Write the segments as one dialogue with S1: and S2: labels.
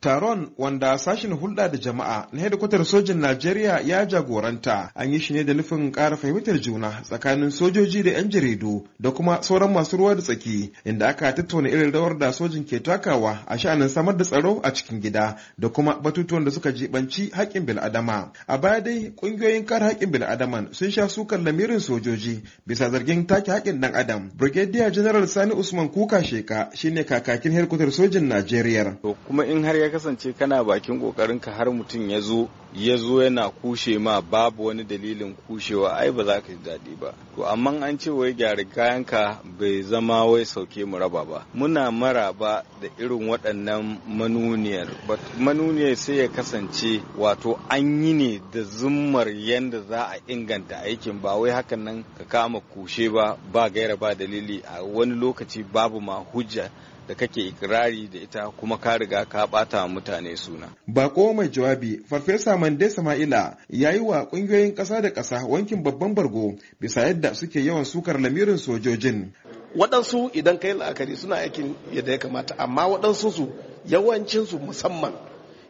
S1: Taron wanda sashen hulɗa da jama'a na hedikwatar sojin Najeriya ya jagoranta an yi shi ne da nufin ƙara fahimtar juna tsakanin sojoji da 'yan jaridu da kuma sauran masu ruwa da tsaki inda aka tattauna irin rawar da sojin ke takawa a sha'anin samar da tsaro a cikin gida da kuma batutuwan da suka jibanci haƙƙin bil'adama. A baya dai ƙungiyoyin kare haƙƙin bil'adaman sun sha sukan lamirin sojoji bisa zargin take haƙƙin ɗan adam. Brigadier General Sani Usman Kuka Sheka shine kakakin hedikwatar sojin Najeriya.
S2: in har kasance kana bakin kokarin ka har mutum ya zo ya zo yana kushe ma babu wani dalilin kushewa ai ba za ka ji daɗi ba to amma an ce wai gyara kayanka bai zama wai sauke mu raba ba muna maraba da irin waɗannan manuniyar manuniyar sai ya kasance wato an yi ne da zummar yadda za a inganta aikin ba wai hakan nan ka kama kushe ba ba gaira ba dalili a wani lokaci babu ma hujja da kake ikirari da ita kuma ka riga ka bata
S1: mutane suna. Bako mai jawabi Farfesa Mande Sama'ila ya yi wa kungiyoyin ƙasa da ƙasa wankin babban bargo bisa yadda suke yawan sukar lamirin sojojin.
S3: Waɗansu idan kai la'akari suna aikin yadda ya kamata amma waɗansu su yawancinsu musamman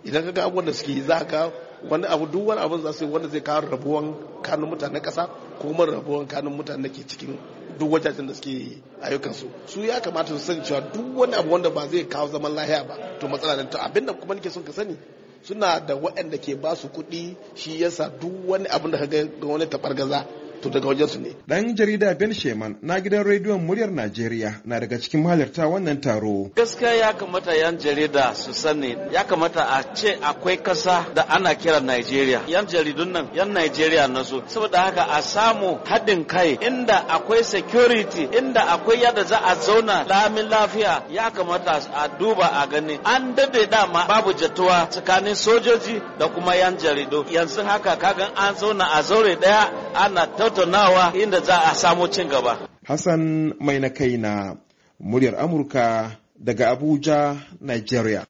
S3: idan ka ga abubuwan da suke za ka wani abu duk wani abu za su yi wanda zai kawo rabuwan kanun mutanen ƙasa ko kuma rabuwan kanun mutanen da ke cikin duk wajajen da suke ayyukansu su su ya kamata su sani cewa duk wani abu wanda ba zai kawo zaman lahiya ba to matsala ne to abinda kuma nake son ka sani suna da waɗanda ke ba su kuɗi shi yasa duk wani abin da ka ga wani tabargaza to daga wajensu ne
S1: dan jarida ben sheman na gidan rediyon muryar najeriya na daga cikin mahalarta wannan taro
S4: gaskiya ya kamata yan jarida su sani ya kamata a ce akwai kasa da ana kira najeriya yan jaridun nan yan najeriya na so saboda haka a samu haɗin kai inda akwai security inda akwai yadda za a zauna lamin lafiya ya kamata a duba a gani an dade dama babu jatuwa tsakanin sojoji da kuma yan jaridu yanzu haka kagan an zauna a zaure ɗaya ana tauta tattaunawa inda za a samo cin gaba.
S1: Hassan mai na kai na muryar Amurka daga Abuja, Nigeria.